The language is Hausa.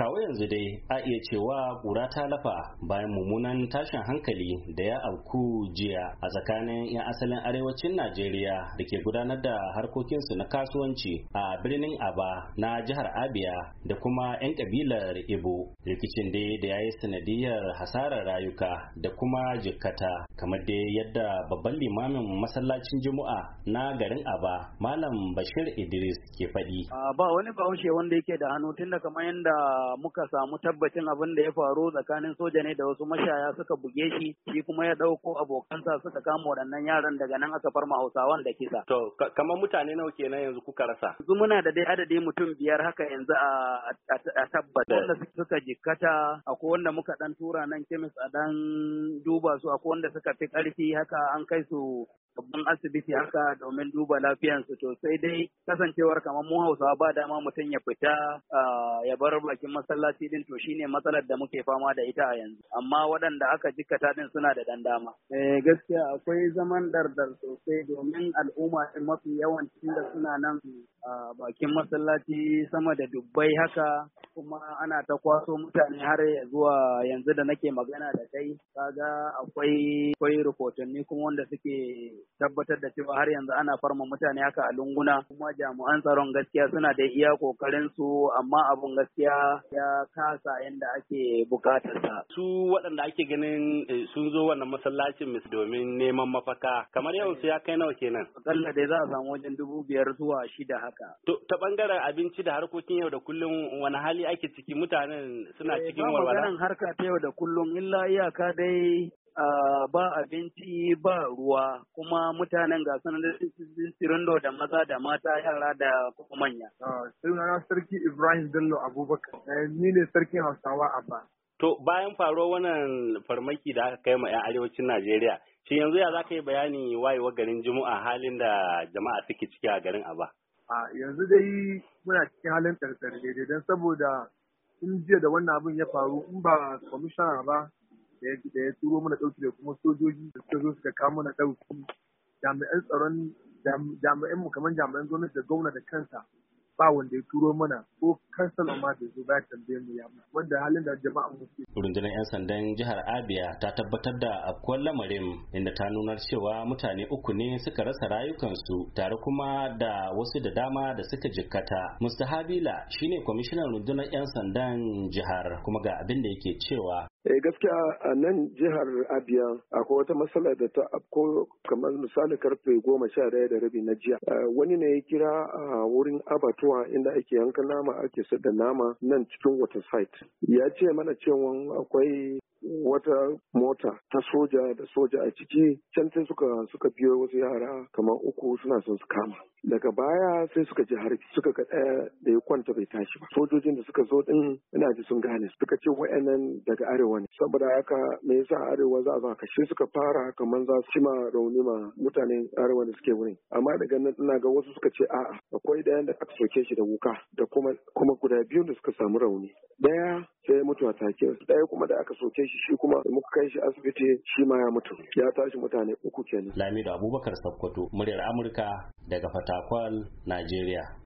kawo yanzu dai a iya cewa ƙura ta lafa bayan mummunan tashin hankali da ya auku jiya a tsakanin 'yan asalin arewacin najeriya da ke gudanar da harkokinsu na kasuwanci a birnin aba na jihar abia da kuma 'yan kabilar ibo rikicin dai da ya yi sanadiyar hasarar rayuka da kuma jikkata kamar dai yadda babban limamin masallacin juma'a na garin aba malam bashir idris ke faɗi. ba wani bahaushe wanda yake da hannu tun da kamar yadda muka samu tabbacin abin da ya faru tsakanin soja ne da wasu mashaya suka buge shi shi kuma ya ɗauko abokansa suka kama waɗannan yaran daga nan aka farma hausawan da kisa. To kamar mutane nawa kenan yanzu kuka rasa? Yanzu muna da dai adadi mutum biyar haka yanzu a tabbata. Eh. Wanda suka jikkata akwai wanda muka ɗan tura nan kemis a dan duba su akwai wanda suka fi ƙarfi haka an kai su babban asibiti haka domin duba lafiyansu to sai dai kasancewar kamar mu hausawa ba dama mutum ya fita ah, ya bar bakin masallaci din to shine matsalar da muke fama da ita a yanzu amma waɗanda aka ta din suna da dan dama. Eh gaskiya akwai zaman dardar sosai domin al'umma mafi yawan da suna nan a bakin masallaci sama da dubbai haka kuma ana ta kwaso mutane har zuwa yanzu da nake magana da kai kaga akwai akwai rikotanni kuma wanda suke tabbatar da cewa har yanzu ana farma mutane haka a lunguna kuma jami'an tsaron gaskiya suna da iya kokarin su amma abun gaskiya ya kasa yanda ake bukatar sa su waɗanda ake ganin eh, sun zo wannan masallacin mis domin neman mafaka kamar yawan su ya kai nawa kenan akalla dai za a samu wajen dubu biyar zuwa shida haka. Ta bangaren abinci da harkokin yau da kullum wani hali ake ciki mutanen suna eh, cikin walwala? Ba harka ta yau da kullum illa iyaka dai ba abinci ba ruwa kuma mutanen ga sanar sirindo da maza da mata yara da kuma manya. Ah, sunana Sarki Ibrahim Bello Abubakar, eh, ni ne Sarkin Hausawa Abba. To bayan faruwar wannan farmaki da aka kai ma 'yan arewacin Najeriya, shi yanzu ya za ka yi bayani wayewar garin Juma'a halin da jama'a suke ciki a garin Aba? a yanzu dai muna cikin halin tsartsar daidai don saboda in jiya da wannan abin ya faru in ba kwamishina ba da ya turo mana ɗauki da kuma sojoji da suka zo suka kawo mana ɗauki jami'an tsaron jami'an mu kamar jami'an gwamnati da gwamna da kansa ba wanda ya turo mana ko kansala ma da zo ya tambaye mu ya wanda halin da jama'a mu ke rundunar yan sandan jihar Abia ta tabbatar da akwai lamarin inda ta nunar cewa mutane uku ne suka rasa rayukansu tare kuma da wasu da dama da suka jikkata Mr. Habila shine kwamishinan rundunar yan sandan jihar kuma ga abin da yake cewa Eh gaskiya a nan jihar Abia akwai wata matsala da ta afko kamar misali karfe goma sha daya da rabi na jiya. Eh, wani ne ya kira a wurin abatuwa inda ake yanka nama ake da nama nan cikin water site. Ya ce mana cewa akwai wata mota ta soja da soja a ciki can sai suka suka biyo wasu yara kamar uku suna son su kama daga baya sai suka ji harbi suka ga ɗaya da ya kwanta bai tashi ba sojojin da suka zo din ina ji sun gane suka ce wa'annan daga arewa ne saboda haka me yasa arewa za a kashe suka fara kamar za su ma rauni ma mutanen arewa da suke wurin amma daga nan ina ga wasu suka ce a'a akwai ɗayan da aka soke shi da wuka da kuma kuma guda biyu da suka samu rauni ɗaya sai ya mutu a take ɗaya kuma da aka soke shi shi kuma da muka kai shi asibiti shi ma ya mutu ya tashi mutane uku kenan lamido abubakar sakkwato muryar amurka daga fatakwal najeriya